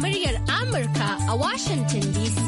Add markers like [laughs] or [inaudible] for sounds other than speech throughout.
muryar Amurka a Washington DC.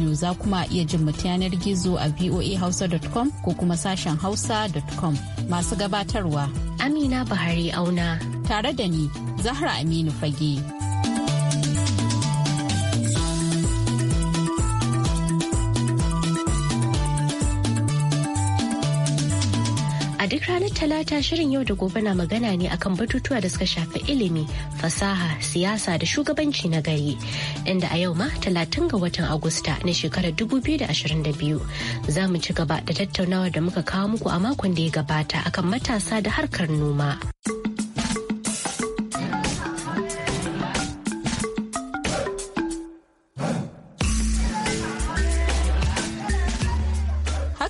biyu za kuma iya jin mu yanar gizo a voahausa.com ko kuma sashen hausa.com masu gabatarwa. Amina Bahari Auna. Tare da ni, Zahra Aminu Fage. A duk ranar Talata shirin yau da gobe na magana ne akan batutuwa da suka shafi ilimi, fasaha, siyasa da shugabanci na gari. Inda a yau ma talatin ga watan Agusta na shekarar da ashirin biyu. za mu ci gaba da tattaunawa da muka kawo muku a makon da ya gabata akan matasa da harkar noma.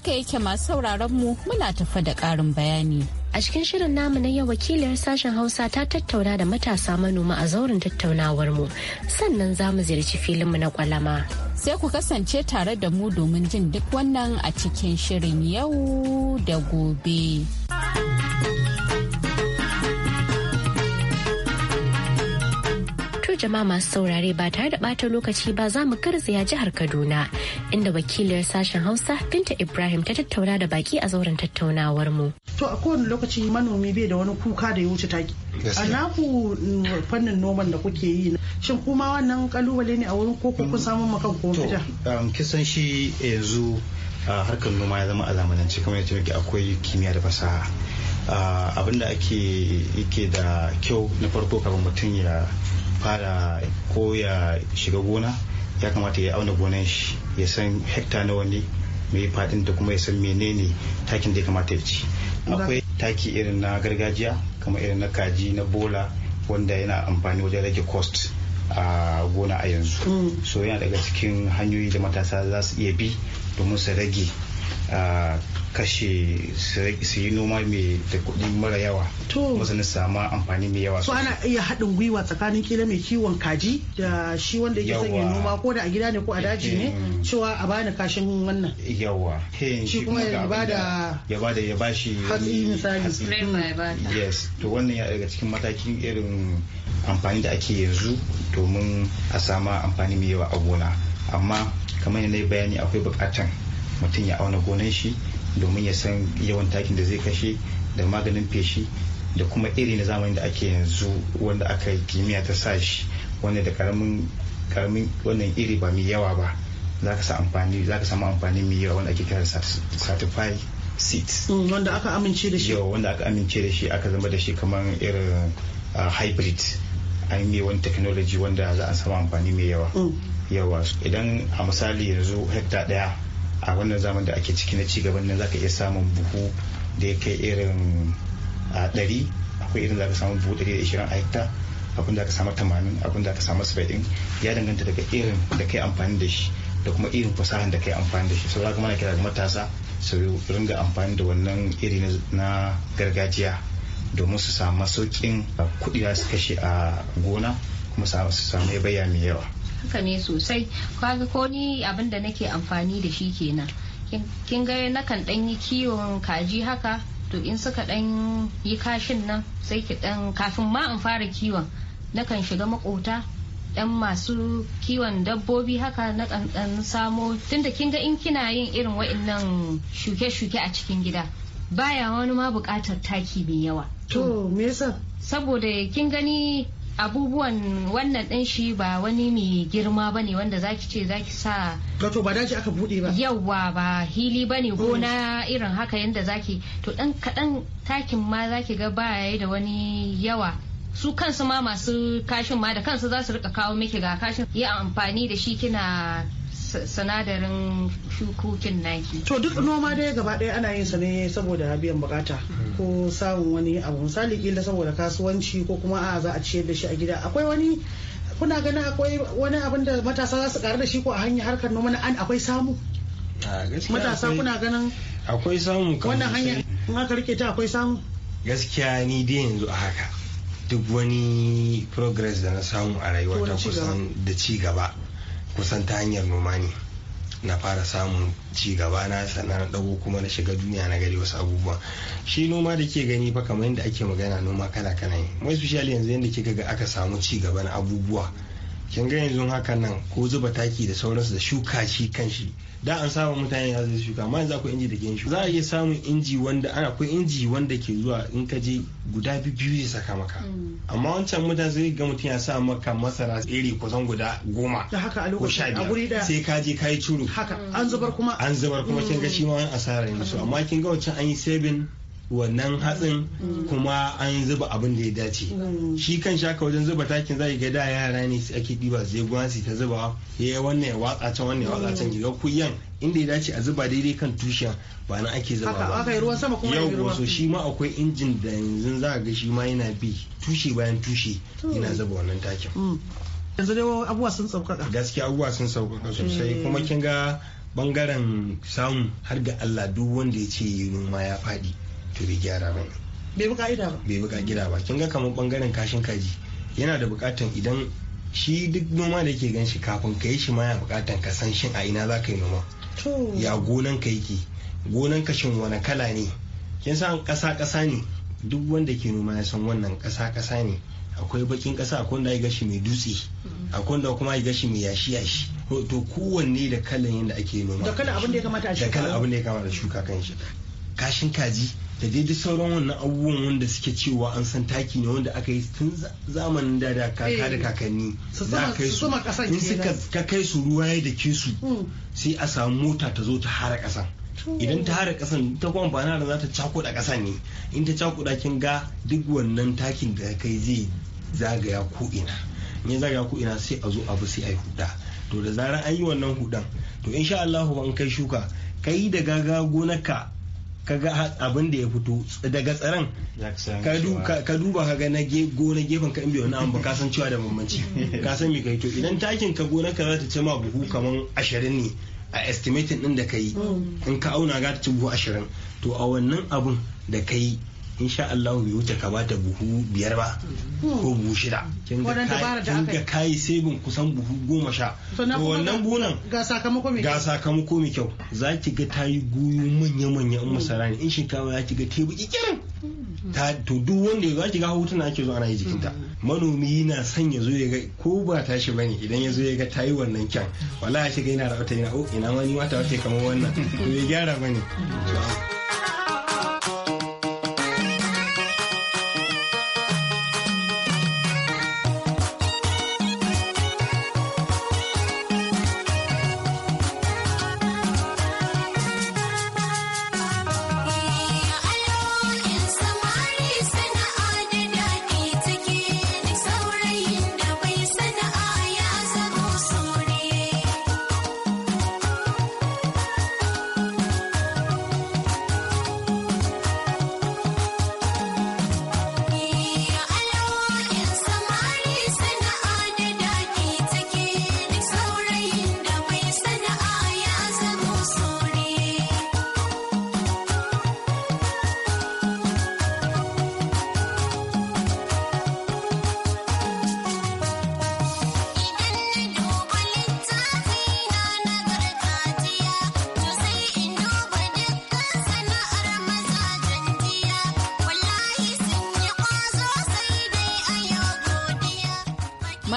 haka yake masu sauraron mu muna tafa da ƙarin bayani. A cikin shirin namu na yau wakiliyar sashen Hausa ta tattauna da matasa manoma a zauren tattaunawar mu sannan za mu ziyarci mu na kwalama. Sai ku kasance tare da mu domin jin duk wannan a cikin shirin yau da gobe. jama'a masu saurare ba tare da bata lokaci ba za mu garzaya jihar Kaduna inda wakiliyar sashen Hausa Binta Ibrahim ta tattauna da baki a zauren tattaunawar mu. To a kowane lokaci manomi bai da wani kuka da ya wuce taki. A naku mm, fannin noman da kuke yi shin kuma wannan kalubale ne a wurin koko kun samu makan ko fita? Um, kisan shi yanzu harkar noma ya zama a zamanance kamar yadda muke akwai kimiyya da fasaha. abin da ake yake da kyau na farko kafin mutum ya fara ko ya shiga gona ya kamata ya auna gonan shi ya san hekta nawa ne mai fadin da kuma ya san menene takin da ya kamata ya ci akwai taki irin na gargajiya kamar irin na kaji na bola wanda yana amfani wajen rage cost a gona a yanzu mm. so yana daga cikin hanyoyi da matasa za su iya bi domin su rage kashe su yi noma mai da kuɗi mara yawa masu su samu amfani mai yawa so ana iya haɗin gwiwa tsakanin kila mai kiwon kaji da shi wanda yake son noma ko da a gida ne ko a daji ne cewa a bani kashin wannan yawa shi kuma ya bada ya bada ya bashi hatsi misali yes to wannan ya daga cikin matakin irin amfani da ake yanzu domin a sama amfani mai yawa a gona amma kamar yadda bayani akwai bukatan mutum ya auna gonan shi domin ya san yawan takin da zai kashe da maganin feshi da kuma iri na zamani da ake yanzu wanda aka yi kimiyya ta sa shi wanda da karamin karamin wannan iri ba mai yawa ba za ka amfani za ka samu amfani mai yawa wanda ake kira certified seeds mm, wanda aka amince da shi yawa wanda aka amince da shi aka zama da shi kamar irin ah, hybrid an yi wani technology wanda za a samu amfani mai yawa mm. yawa idan a misali yanzu hekta daya a wannan zaman da ake ciki na cigaban nan zaka iya samun buhu da ya kai irin a ɗari akwai irin zaka samu buhu ɗari da ishirin a hekta abin da aka samu tamanin abin da aka samu saba'in ya danganta daga irin da kai amfani da shi da kuma irin fasahan da kai amfani da shi sau zaka mana kira ga matasa su ringa amfani da wannan iri na gargajiya domin su samu sauƙin kuɗi su kashe a gona kuma su samu ya bayya mai yawa haka ne sosai kaga ko ni abin da nake amfani da shi kenan kin ga nakan dan yi kiwon kaji haka to in suka dan yi kashin nan sai ki dan kafin ma in fara kiwon nakan shiga makota dan masu kiwon dabbobi haka na dan samo tunda kin ga in kina yin irin wa'annan shuke-shuke a cikin gida baya wani ma bukatar taki mai yawa to me yasa saboda kin gani abubuwan wannan din shi ba wani mai girma ba ne wanda zaki ce zaki sa wato ba daji aka bude ba yawwa ba hili ba ne mm. gona irin haka yadda zaki to ɗan kaɗan takin ma zaki ga ba yayi da wani yawa su kansu ma masu kashin ma da kansu za su rika kawo miki ga kashin yi amfani da shi kina sinadarin shukokin naki to duk noma dai gaba ɗaya ana yin sa ne saboda biyan bukata ko samun wani abu misali kila saboda kasuwanci ko kuma a za a ciyar da shi a gida akwai wani kuna ganin akwai wani abin da matasa za su karu da shi ko a hanyar harkar noma an akwai samu matasa kuna ganin akwai samu wannan hanyar in aka rike ta akwai samu gaskiya ni dai yanzu a haka duk wani progress da na samu a rayuwa ta kusan da ci gaba kusan ta hanyar noma ne na fara samun ci gaba na sannan na dago kuma na shiga duniya na gari wasu abubuwa shi noma da ke gani fa kamar yadda ake magana noma kala kala ne mai yanzu yadda kika ga aka samu ci gaba na abubuwa kin ga yanzu hakan nan ko zuba taki da sauransu da shuka shi kan shi da an samu mutane ya zai shuka amma yanzu akwai inji da gen shuka za a iya samun inji wanda ana akwai inji wanda ke zuwa in ka je guda biyu zai saka maka mm. amma wancan mutane zai ga mutum ya sa maka masara tsere kusan guda goma da haka a lokacin a guri da sai ka je kai yi curu haka an zubar kuma an zubar kuma kin ga shi ma wani asara ne so mm. amma kin ga wancan an yi saving wannan hatsin mm. kuma an zuba abin da ya dace mm. shi kan shaka wajen zuba takin zai ga da yara ne su ake diba zai gwansi ta zuba ya wannan ya watsa can wannan ya watsa can mm. ga kuyan inda ya dace a zuba daidai kan tushen ba na ake zuba ba aka ruwan sama kuma yau wasu shi ma akwai injin da yanzu za ga shi ma yana bi tushe bayan tushe yana zuba wannan takin yanzu dai abubuwa sun sauƙaƙa gaskiya abubuwa sun sauƙaƙa sosai kuma kin ga bangaren samu har ga Allah duk wanda ya ce noma ya faɗi to bai gyara ba bai buka gida ba bai buka gida ba kin ga kamar bangaren kashin kaji yana da bukatan idan shi duk noma da ke gan shi kafin ka yi shi ma ya bukatan ka san shin a ina za ka yi noma ya gonan ka yake gonan ka shin wani kala ne kin san kasa kasa ne duk wanda ke noma ya san wannan kasa kasa ne akwai bakin kasa akwai wanda ya gashi mai dutse mm-hmm. akwai wanda kuma ya gashi mai yashi yashi to kowanne da kalan yadda ake noma da kalan abin da ya kamata a shuka da kalan abin da ya kamata a shuka kan shi kashin kaji da daidai sauran wannan abubuwan wanda suke cewa an san taki ne wanda aka yi tun zamanin da da kaka da eh, kakanni za kai su in suka ka kai su ruwa ya ke su hmm. sai a samu mota ta zo ta hara kasan idan ta hara kasan ta kuma bana da za ta cakuda kasa ne in ta cakuda kin ga duk wannan takin da kai zai zagaya ko ina in ya zagaya ko ina sai a zo abu sai a yi huda to da zarar an yi wannan hudan to insha Allah in kai shuka kai da gaga gonarka ka ga abin da ya fito daga tsaron ka duba ka ga na gona gefen ka in bai na ka san cewa da mamanci [laughs] ka san me kai to idan takin ka gona ka za ta buhu kaman ashirin ne a estimatin din da ka yi mm. in ka auna ga ta ci buhu ashirin to a wannan abun da ka yi In sha Allah bai wuce bata buhu biyar ba ko buhu shida kin ga kai bin kusan buhu goma sha to wannan bunan ga sakamako mai ga sakamako mai kyau za ki ga tayi guyu manya manya in masara ne in shinkafa ya ci ga tebu kikirin ta to duk wanda ya zaki ga hotuna ake zo ana yi jikinta manomi yana son ya zo ya ga ko ba tashi bane idan ya zo ya ga tayi wannan kyan wallahi shi ga yana da yana o oh, ina wani wata wata wace kamar wannan to ya gyara bane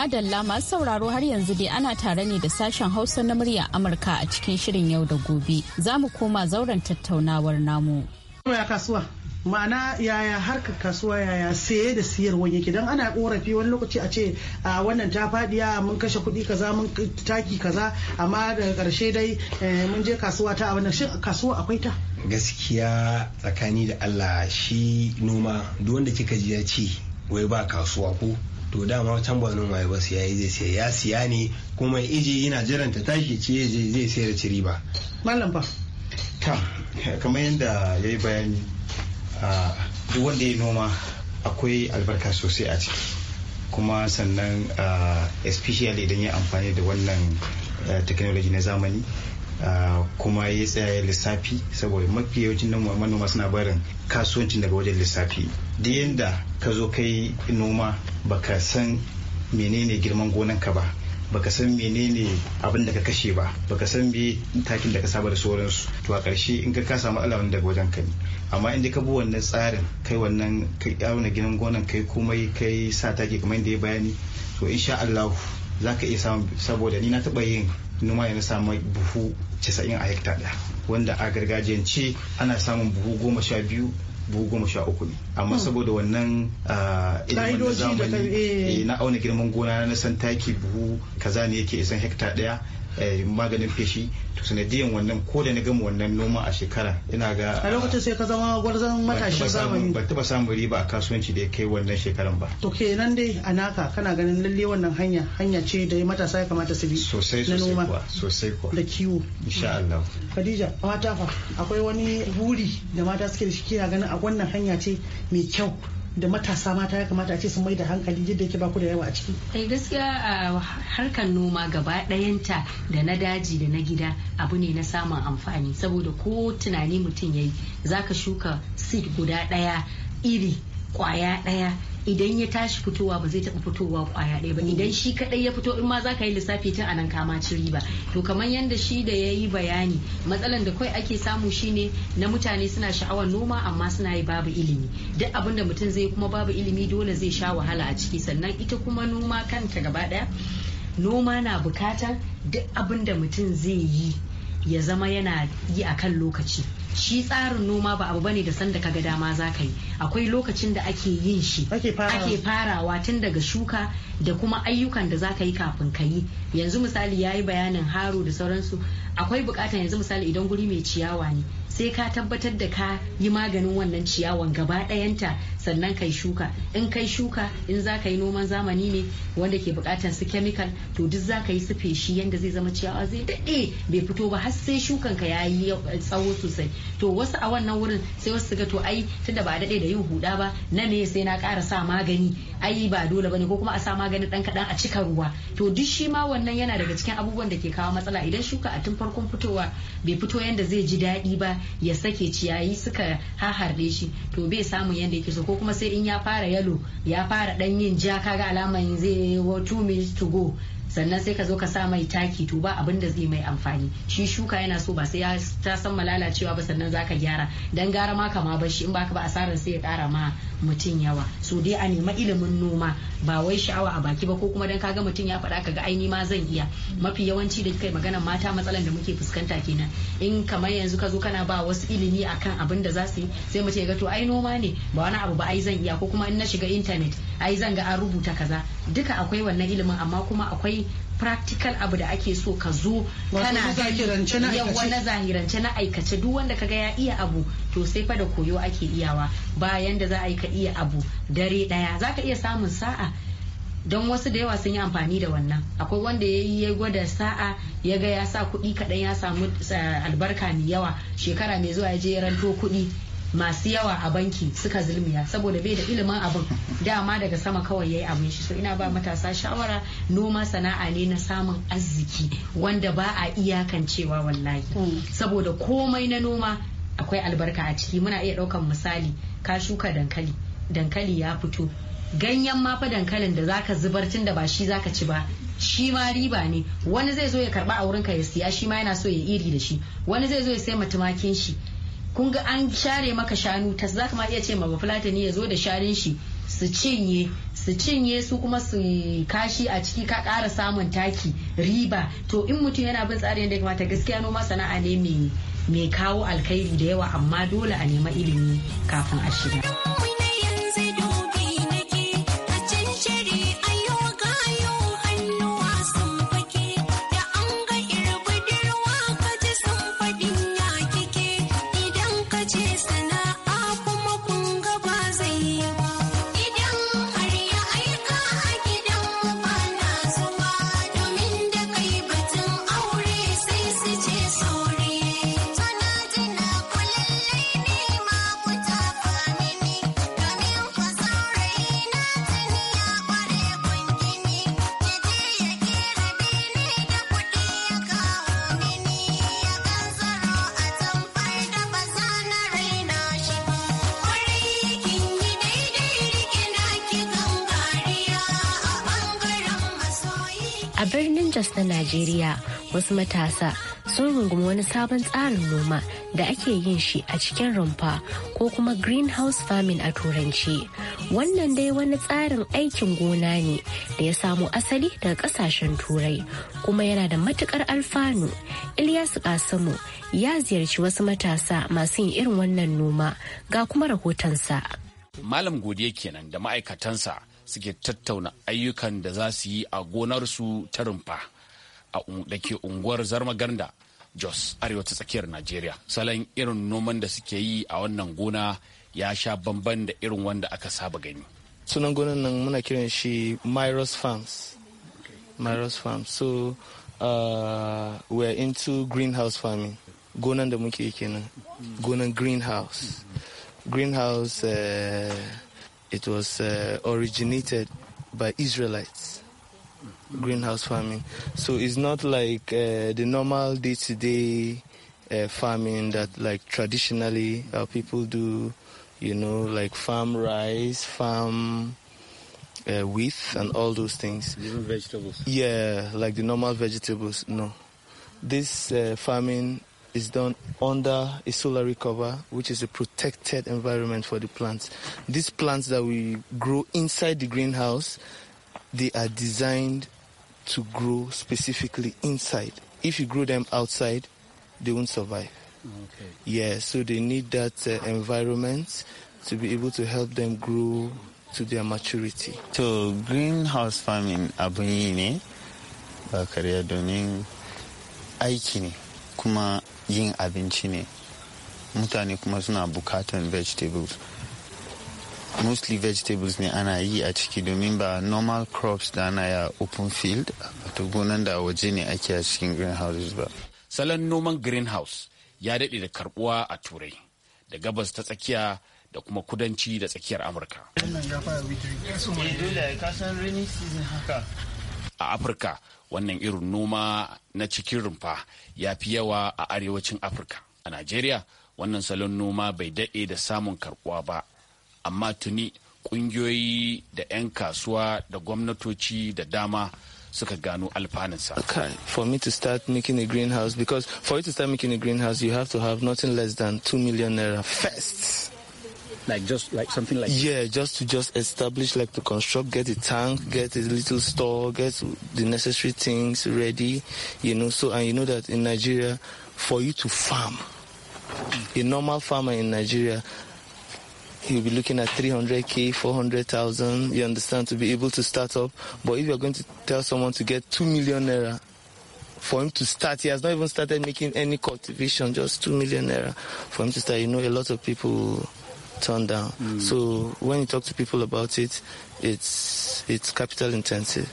Madalla masu sauraro har yanzu dai ana tare ne da sashen Hausa na murya Amurka a cikin shirin yau da gobe. Za mu koma zauren tattaunawar namu. Ya kasuwa. ma'ana yaya harka kasuwa yaya saye da siyarwa yake don ana korafi wani lokaci a ce a wannan ta fadiya mun kashe kuɗi kaza mun taki kaza amma daga karshe dai eh, mun je kasuwa ta a wannan shin kasuwa akwai ta gaskiya tsakani da Allah shi noma duk wanda kika ji ya ce wai ba kasuwa ko to dama can ba nan waye ba siya zai siya ya siya ne kuma iji yana jiran ta tashi ce zai sayar ci riba malam ba ta kamar yadda ya yi bayani duk wanda ya noma akwai albarka sosai a ciki kuma sannan especially idan ya amfani da wannan eh, technology na zamani kuma ya tsaya lissafi saboda mafi yawancin nan manoma suna barin kasuwancin daga wajen lissafi da yadda ka zo kai noma baka san menene girman gonanka ba baka san menene abin da ka kashe ba baka san me takin da ka saba da sauransu to a ƙarshe in ka ka samu alawan daga wajen ka ne amma in ka bi wannan tsarin kai wannan kai auna ginin gonan kai komai kai sa taki kamar da ya bayani to insha Allah za ka iya samu saboda ni na taɓa yin noma yana samu buhu 90 a hekta daya wanda a gargajiyance ana samun buhu goma sha biyu buhu goma sha uku ne amma hmm. saboda wannan ah, ilimin zamani eh. Eh, na auna girman gona na san taki buhu kaza ne yake isan hekta daya Eh, maganin feshi to sanadiyan wannan ko da na gama wannan noma a shekara ina ga a lokacin sai ka zama gwarzon matashin zamani ba taba samun riba a kasuwanci da ya kai wannan shekaran ba to kenan dai a naka kana ganin lalle wannan hanya hanya ce da matasa ya kamata su bi sosai sosai kuwa da kiwo insha Allah Khadija mata fa akwai wani buri da mata suke da shi kina ganin a wannan hanya ce mai kyau da matasa mata ya kamata a ce sun mai da hankali yadda yake baku da yawa a ciki. kai eh, gaskiya a harkar noma gaba ɗayanta da na daji da na gida abu ne na samun amfani saboda ko tunani mutum yayi zaka shuka seed guda ɗaya iri kwaya ɗaya idan ya tashi fitowa ba zai taɓa fitowa kwaya ɗaya ba mm. idan shi kaɗai ya fito in ma za ka yi lissafi tun anan kama ciri ba to kamar yadda shi da ya yi bayani matsalan da kawai ake samu shine na mutane suna sha'awar noma amma suna yi babu ilimi duk abin da mutum zai kuma babu ilimi dole zai sha wahala a ciki sannan ita kuma noma kanta gaba ɗaya noma na bukatar duk abin da mutum zai yi ya zama yana yi a kan lokaci shi tsarin noma ba abu bane da sanda kaga dama za ka yi akwai lokacin da ake yin shi ake farawa tun daga shuka da kuma ayyukan da za ka yi kafin ka yi yanzu misali ya yi bayanin haro da sauransu akwai bukata yanzu misali idan guri mai ciyawa ne sai ka tabbatar da ka yi maganin wannan ciyawan gaba ɗayanta sannan kai shuka in kai shuka in za ka yi noman zamani ne wanda ke bukatar su kemikal to duk za ka yi su feshi yadda zai zama ciyawa zai daɗe bai fito ba har sai shukan ka yi eh, tsawo sosai to wasu a wannan wurin sai wasu su ga to ai tunda ba daɗe da yin huda ba na ne sai na kara sa magani ai ba dole ne ko kuma a sa maganin dan kaɗan a cika ruwa to duk shi ma wannan yana daga cikin abubuwan da ke kawo matsala idan shuka a tun farkon fitowa bai fito yadda zai ji daɗi ba ya sake ciyayi suka haharde shi to bai samu yadda yake so ko kuma sai in ya fara yalo ya fara dan yin ja kaga alaman zai two minutes to go sannan sai ka zo ka sa mai taki to ba abin da zai mai amfani shi shuka yana so ba sai ya ta san malalacewa ba sannan zaka gyara dan gara ma kama ba shi in baka ba asarar sai ya kara ma mutum yawa so dai a nema ilimin noma ba wai sha'awa a baki ba ko kuma dan kaga mutum ya faɗa kaga aini ma zan iya mafi yawanci da kai magana mata matsalan da muke fuskanta kenan in kamar yanzu ka zo kana ba wasu ilimi akan abin da za su yi sai mutum ya ga to ai noma ne ba wani abu ba ai zan iya ko kuma in na shiga intanet ai zan ga an rubuta kaza duka akwai wannan ilimin amma kuma akwai practical abu da ake so ka zo kana yawa na zahirance na aikace duk wanda kaga ya iya abu to sai fa da koyo ake iyawa bayan da za a yi ka iya abu dare daya zaka iya samun sa'a don wasu da yawa sun yi amfani da wannan akwai wanda ya yi gwada sa'a ya ga ya sa kuɗi kaɗan ya samu eh, albarka mai yawa shekara mai zuwa ya je ya ranto kuɗi masu yawa a banki suka zulmiya saboda bai da ilimin abin dama daga sama kawai yayi abin shi so ina ba matasa shawara noma sana'a ne na samun arziki wanda ba a iyakancewa wallahi hmm. saboda komai na noma akwai albarka a ciki muna iya daukan misali ka shuka dankali dankali ya fito ganyen mafa dankalin da zaka zubar tun da ba shi za ka ci ba shi ma riba ne wani zai zo ya karba a wurinka ya siya shi ma yana so ya iri da shi wani zai zo ya sai matumakin shi kun ga an share maka shanu ta za ka ma iya ce ma ne ya zo da sharin shi su cinye su cinye su kuma su kashi a ciki ka ƙara samun taki riba to in mutum yana bin tsarin yadda ya kamata gaskiya noma sana'a ne mai kawo alkhairi da yawa amma dole a nema ilimi kafin a shiga. Rangers na Najeriya wasu matasa sun rungumi wani sabon tsarin noma da ake yin shi a cikin rumfa ko kuma greenhouse farming a turanci. Wannan dai wani tsarin aikin gona ne da ya samo asali daga kasashen turai kuma yana da matukar alfanu. Ilyasu Kasimu ya ziyarci wasu matasa masu yin irin wannan noma ga kuma rahotonsa. Malam godiya kenan da ma'aikatansa suke tattauna ayyukan da za su yi a gonarsu ta rumfa da ke unguwar zarmaganda jos arewa ta tsakiyar najeriya salon irin noman da suke yi a wannan gona ya sha bamban da irin wanda aka saba gani sunan gonan nan muna kiran shi myros farms myros farms so uh, are into greenhouse farming gonan da muke kenan gonan greenhouse greenhouse uh, it was uh, originated by Israelites, greenhouse farming. So it's not like uh, the normal day-to-day uh, farming that like traditionally our people do, you know, like farm rice, farm uh, wheat and all those things. Even vegetables. Yeah, like the normal vegetables, no. This uh, farming is done under a solar cover, which is a protected environment for the plants. These plants that we grow inside the greenhouse, they are designed to grow specifically inside. If you grow them outside, they won't survive. Okay. Yeah, so they need that uh, environment to be able to help them grow to their maturity. So greenhouse farming abu ne ba kariya domin aiki ne kuma yin abinci ne mutane kuma suna bukatan vegetables mostly vegetables ne ana yi a ciki domin ba normal crops da ana ya open field wato gonan da waje ne ake a cikin greenhouses ba salon noman greenhouse ya daɗe da karbuwa a turai da gabas ta tsakiya da kuma kudanci da tsakiyar amurka a afirka wannan irin noma na cikin rumfa ya fi yawa a arewacin afirka a najeriya wannan salon noma bai daɗe da samun karɓuwa ba amma tuni ƙungiyoyi da 'yan kasuwa da gwamnatoci da dama suka gano alfanunsa. Okay, for me to start making a greenhouse because for you to start making a greenhouse you have to have nothing less than 2 million naira first. like just like something like yeah just to just establish like to construct get a tank get a little store get the necessary things ready you know so and you know that in nigeria for you to farm a normal farmer in nigeria he'll be looking at 300k 400000 you understand to be able to start up but if you're going to tell someone to get 2 million naira for him to start. He has not even started making any cultivation, just two million naira for him to start. You know, a lot of people Turned down. Mm. So when you talk to people about it, it's it's capital intensive.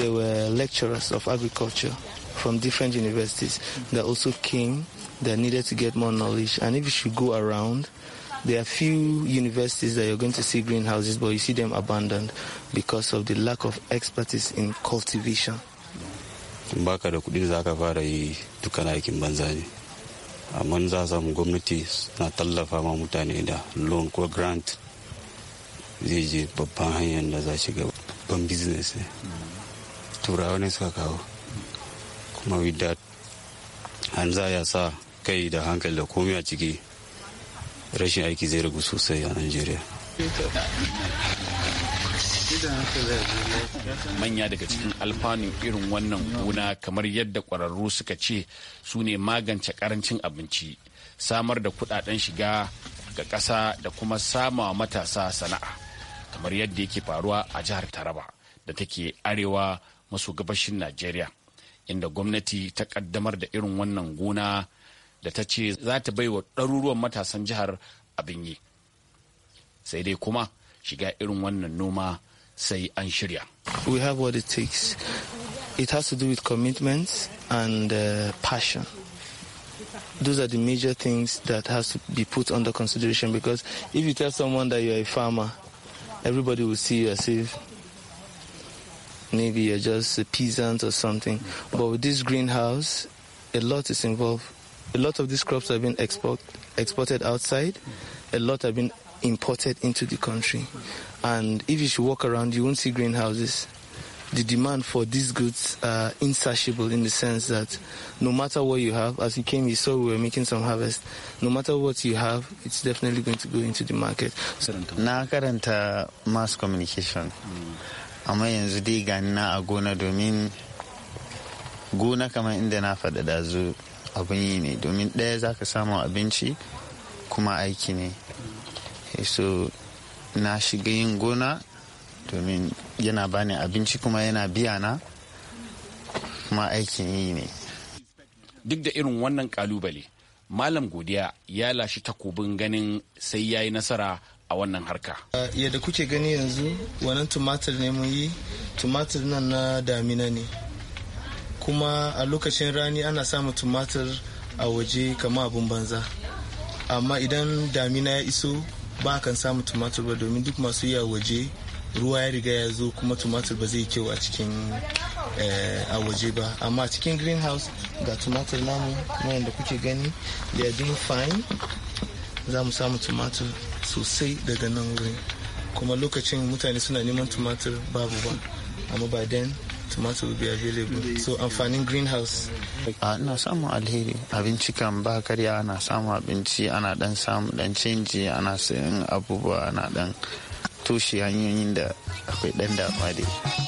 There were lecturers of agriculture from different universities that also came that needed to get more knowledge. And if you should go around, there are few universities that you're going to see greenhouses, but you see them abandoned because of the lack of expertise in cultivation. da kudi za fara yi aikin mun za samu gwamnati na tallafa ma mutane da loan ko grant zai je babban hanyar da za shiga babban business ne turawa ne suka kawo kuma with that an za ya sa kai da hankali da komai a ciki rashin aiki zai ragu sosai a nigeria manya daga cikin alfanun irin wannan gona kamar yadda ƙwararru suka ce su ne magance ƙarancin abinci samar da kudaden shiga ga ƙasa da kuma samawa matasa sana'a kamar yadda yake faruwa a jihar taraba da take arewa maso gabashin najeriya inda gwamnati ta kaddamar da irin wannan gona da ta ce za ta baiwa ɗaruruwan matasan jihar abin yi sai dai kuma shiga irin wannan noma Say, an We have what it takes. It has to do with commitment and uh, passion. Those are the major things that has to be put under consideration because if you tell someone that you're a farmer, everybody will see you as if maybe you're just a peasant or something. But with this greenhouse, a lot is involved. A lot of these crops have been export, exported outside. A lot have been imported into the country. And if you should walk around, you won't see greenhouses. The demand for these goods are insatiable in the sense that no matter what you have, as you came, you saw we were making some harvest. No matter what you have, it's definitely going to go into the market. Na karanta mass communication. Amma yanzu dai ga na a gona domin gona kamar inda na faɗa da zo abin yi ne domin ɗaya za ka samu abinci kuma aiki ne. so na shiga yin gona domin yana bani abinci kuma yana biya na kuma aikin yi ne duk da irin wannan kalubale malam godiya ya lashi takobin ganin sai ya yi nasara a wannan harka yadda kuke gani yanzu wannan tumatir ne mun yi tumatir nan na damina ne kuma a lokacin rani ana samun tumatir a waje kama abin banza amma idan damina ya iso ba kan samu tumatur ba domin duk masu a waje ruwa ya riga ya zo kuma tumatur ba zai kyau a cikin eh, a waje ba amma cikin greenhouse ga tumatur namu da kuke gani da doing fine za mu samu tumatur sosai daga nan wurin kuma lokacin mutane suna neman tumatur babu ba amma ba dan tomato will be available so amfanin greenhouse a ina samun alheri abinci kan ba karya ana samun abinci ana dan samun dan canji ana sayan abubuwa ana dan toshe hanyoyin da akwai dan damuwa dai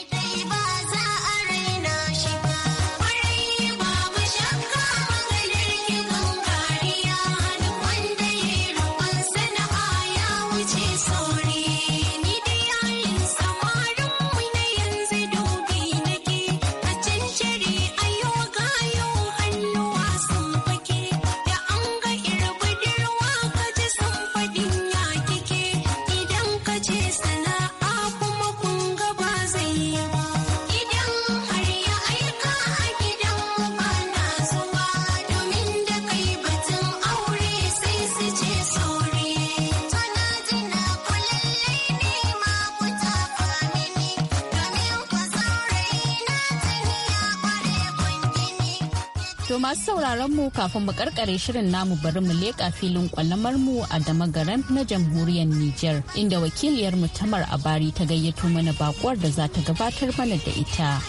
Masu sauraron mu kafin mu karkare shirin namu bari mu leƙa filin kwalamar mu a damagaran na jamhuriyar Nijar inda wakiliyar mu Tamar Abari ta gayyato mana bakuwar da za ta gabatar mana da ita.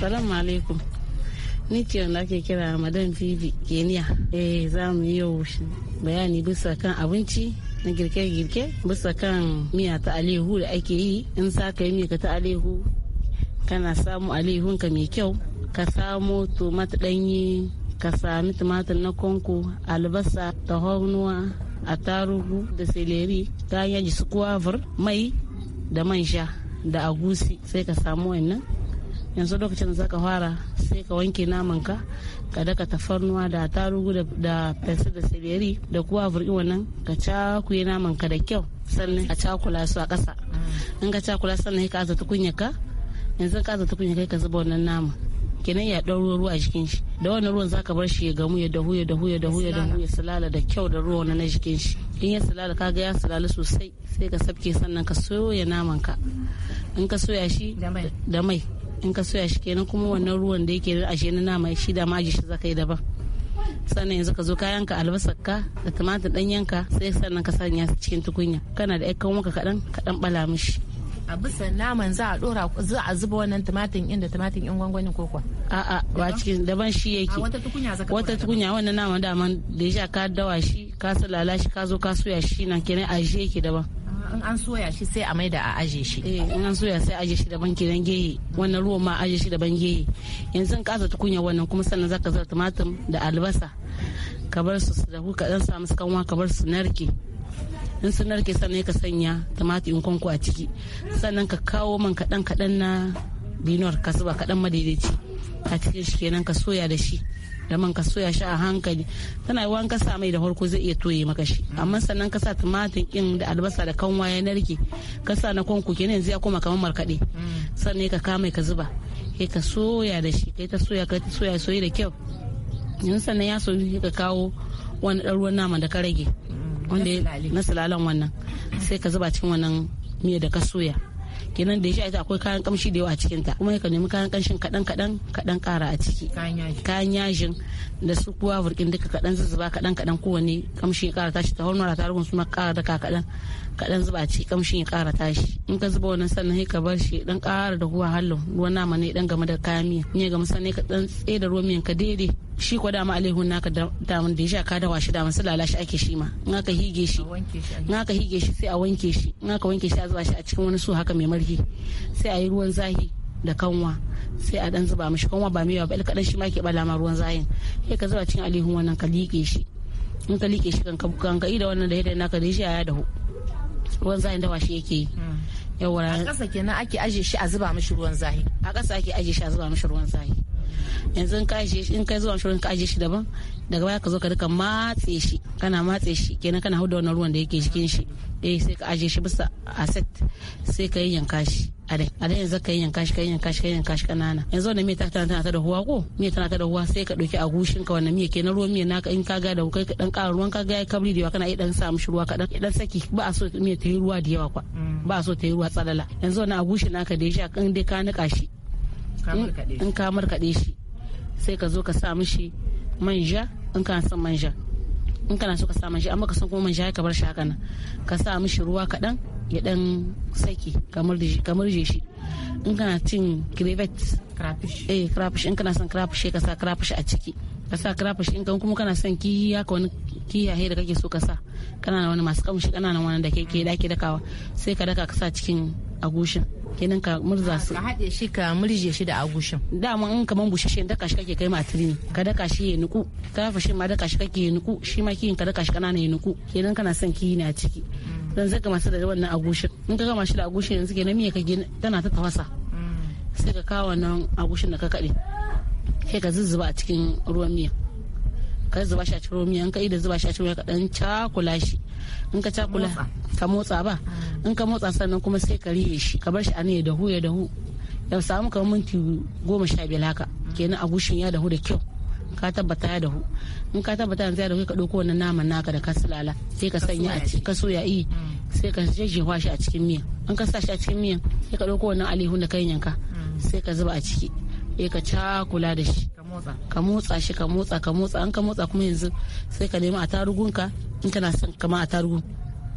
Salamu alaikum. Ni ce wanda ake kira Madam Vivi Kenya. Eh za mu yi yau bayani bisa kan abinci na girke-girke bisa kan miya ta alehu da ake yi in sa ka yi miya ta alihu kana samu alehunka mai kyau ka samu tomat ɗanyi ka sami tumatir na konko albasa a tarugu da seleri ta yaji su kuwavir mai da man sha da agusi sai ka samu wannan yanzu lokacin da zaka fara sai ka wanke naman ka ka daka tafarnuwa da tarugu da fensa da seleri da kuwa vurgi wannan ka cakuye naman ka da kyau sannan a cakula su a ƙasa mm. in ka cakula sannan ka aza tukunya ka yanzu ka aza tukunya kai ka zuba wannan naman kenan ya ɗauro ruwa a jikin shi da wannan ruwan zaka bar shi ya gamu ya dahu ya dahu ya dahu ya dahu ya sulala da kyau da ruwa na jikin shi in ya sulala ga ya sulala sosai sai ka sabke sannan ka soya naman ka in ka soya shi da mai in ka soya shi kenan kuma wannan ruwan da yake ashe na nama shi da maji shi zakai daban sannan yanzu ka zo ka yanka albasar ka da tumatir dan yanka sai sannan ka sanya su cikin tukunya kana da ƴan maka kaɗan kaɗan bala mishi a bisa naman za a dora za a zuba wannan tumatin inda tumatin in gwangwani ko kuwa a'a ba cikin daban shi yake wata tukunya zaka wata tukunya wannan naman da man da ya ka dawa shi ka sulala shi ka zo ka soya shi nan kenan a yake daban in an soya shi sai a maida a aje shi eh in an soya sai aje shi da daban kenan geye wannan ruwan ma aje shi daban gehe yanzu in kasa tukunya wannan kuma sannan zaka zara tumatir da albasa ka bar su da kuka dan samu su kanwa ka bar su narke in su narke sannan ka sanya tumatir in kwanko a ciki sannan ka kawo man kadan kadan na binuwar ka zuba kadan madaidaici a cikin shi kenan ka soya da shi da man ka soya shi a hankali tana yi wanka sa mai da farko zai iya toye maka shi mm. amma sannan ka sa tumatir din da albasa da kanwa ya narke ka sa na kwanku kenan zai koma kamar markaɗe mm. sannan ka kama ka zuba kai ka soya da shi kai ta soya kai ta soya soyi da kyau yin sannan ya soyi ka kawo wani ɗan ruwan nama da ka rage mm. wanda na sulalan wannan sai ka zuba cikin wannan miya da ka soya kenan da ya sha akwai kayan kamshi da yawa a cikin ta kuma ka nemi kayan kamshin kadan kadan kadan kara a ciki kayan yajin da su kuwa burkin duka kadan zuzuba kadan kadan kowane kamshi ya kara tashi ta hormona ta rugun suna kara daka kadan kadan zuba ciki kamshin ya kara tashi in ka zuba wannan sannan sai ka bar shi dan kara da ruwa hallo ruwan nama ne dan game da kayan miya in ya gamu sannan ka dan tsaye da ruwan miyan ka daidai shi ko dama alaihun naka damun da ya sha da washi shi damun lalashi ake shi ma in aka hige shi in aka hige shi sai a wanke shi in aka wanke shi a zuba shi a cikin wani su haka mai marhi sai a yi ruwan zahi da kanwa sai a dan zuba mishi kanwa ba mai yawa ba kadan shi ma ke bala ma ruwan zahin sai ka zuba cikin alaihun wannan ka liƙe shi in ka liƙe shi kan ka da wannan da yadda naka da shi ya dahu ruwan zahin da washi yake yi hmm. yawa a ƙasa kenan ake aje shi a zuba mishi ruwan zahi a ƙasa ake aje shi a zuba mishi ruwan zahi yanzu in ka shi in kai zuwa shi ka aje shi daban daga baya ka zo ka duka matse shi kana matse shi kenan kana huda wannan ruwan da yake jikin shi eh sai ka aje shi bisa aset sai ka yanka shi a dai a dai yanzu ka yanka shi ka yanka shi ka yanka shi kanana yanzu wannan miya ta tana ta da huwa ko miya tana ta da huwa sai ka dauki agushin ka wannan miya kenan ruwan miya naka in ka ga da kai ka dan ƙara ruwan ka ga ya kabri da yawa kana iya dan sa mishi ruwa ka dan saki ba a so miya ta yi ruwa da yawa kwa mm. ba a so ta yi ruwa tsalala yanzu wannan agushin naka da ya sha kan dai ka nika shi in ka markade shi sai ka zo ka sa mishi manja in kana son manja in kana so ka sa manja amma ka san kuma manja ka bar shi haka nan ka sa mishi ruwa kaɗan ya ɗan saki ka murje shi in kana cin crevet eh crapish in kana son crapish ka sa crapish a ciki ka sa crapish in kuma kana son kiyi haka wani kiyaye da kake so ka sa kana wani masu kamshi kana wani da da daki dakawa sai ka daka ka sa cikin agushin kenan ka murza su ka haɗe shi ka murje shi da agushin dama in kaman shi daka shi kake kai ma turmi ka daka shi ya nuku ka shi ma daka shi kake ya nuku shi ma kiyin ka daka shi kanana ya nuku kenan kana son kiyi na ciki mm. dan zaka masa da wannan agushin in ka gama shi da agushin yanzu kenan miya ka gina tana ta tafasa mm. sai ka kawo wannan agushin da ka kaɗe sai ka zuzzuba a cikin ruwan miya ka zuba shi a cikin romiya in ka da zuba shi a cikin ka dan cakula shi in ka cakula ka motsa ba ah. in ka motsa sannan kuma sai ka riye shi ka bar shi a ne ya dahu ya dahu ya samu kamar minti goma sha biyar haka kenan a gushin ya dahu da kyau ka tabbata ya dahu in ka tabbata yanzu ya dahu ka ɗauko wannan naman naka da ka sulala sai ka sanya a ciki ka soya yi mm. sai ka jejjewa shi a cikin miya in ka sa shi a cikin miya sai ka ɗauko wannan alihu da kai yanka mm. sai ka zuba a ciki eh ka kula da shi ka motsa shi ka motsa ka motsa an ka motsa kuma yanzu sai ka nemi a tarugunka in kana son kama a tarugun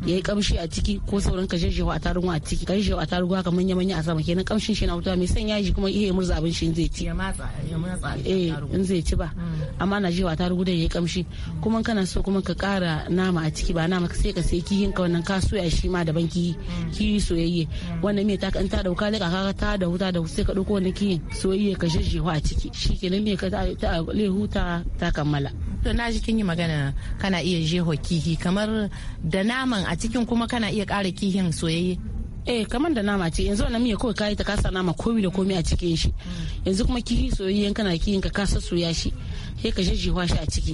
ya yi kamshi a ciki ko sauran ka shi a tarugu a ciki ka shi a tarugu haka manya manya a sama kenan kamshin shi na wuta mai sanya shi kuma iya murza abin shi zai ci ya matsa ya matsa eh in zai ci ba hmm. amma na shi a tarugu da ya yi kamshi kuma kana so kuma ka kara nama a ciki ba nama sai ka sai kihin ka wannan ka soya shi ma daban kihi hmm. kihi soyayye hmm. wannan mai ta kan ta dauka ne ka ta da wuta da sai ka dauko wannan kihin soyayye ka shi a ciki shi kenan mai ka ta lehuta ta kammala to na ji kin yi magana kana iya jeho kihi kamar da naman a cikin kuma kana iya ƙara kihin soyayye eh kamar da nama ce yanzu wannan miya kawai kayi ta kasa nama komi da komi a cikin shi yanzu kuma kihi soyayye kana kihin ka kasa soya shi sai ka jejjewa shi a ciki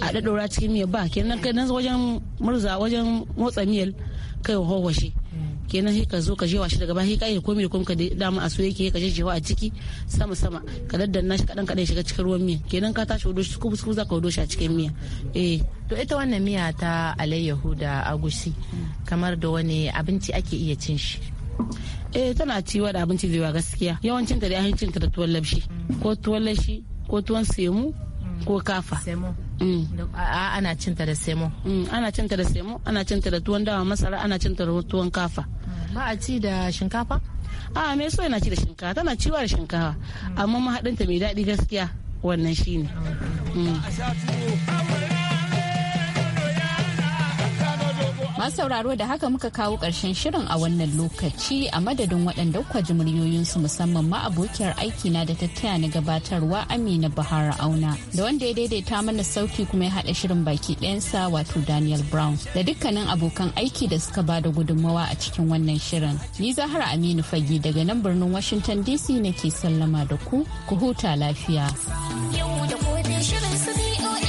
a daddora cikin miya ba kenan kai nan wajen murza wajen motsa miyal kai wa shi kenan sai ka zo ka jewa shi daga baya sai ka komai da komai ka dama a so yake ka jewa a ciki sama sama ka daddanna shi kadan kadan shiga cikin ruwan miya kenan ka tashi wado shi kubu za ka wado shi a cikin miya eh to ita wannan miya ta alayyahu da agushi kamar da wani abinci ake iya cin shi eh tana ciwa da abinci wa gaskiya yawancin ta da ahincin ta da tuwon labshi ko tuwon lashi ko tuwon semu ko kafa mm. ana cinta mm, da semo ana cinta da semo ana cinta da tuwon dawa masara ana cinta da tuwon kafa ba a ci da shinkafa a me so yana ci da shinkafa tana ciwa da shinkafa amma mahaɗinta mai daɗi gaskiya wannan shine. Masu sauraro da haka muka kawo ƙarshen shirin a wannan lokaci a madadin waɗanda kwa ji muryoyinsu musamman ma abokiyar na da tattaya na gabatarwa Amina Bahara Auna da wanda ya daidaita mana sauki kuma ya haɗa shirin baki ɗayansa wato Daniel Brown da dukkanin abokan aiki da suka ba da gudunmawa a cikin wannan shirin. Ni Zahara Aminu Fagi daga nan birnin Washington DC nake sallama da ku, ku huta lafiya.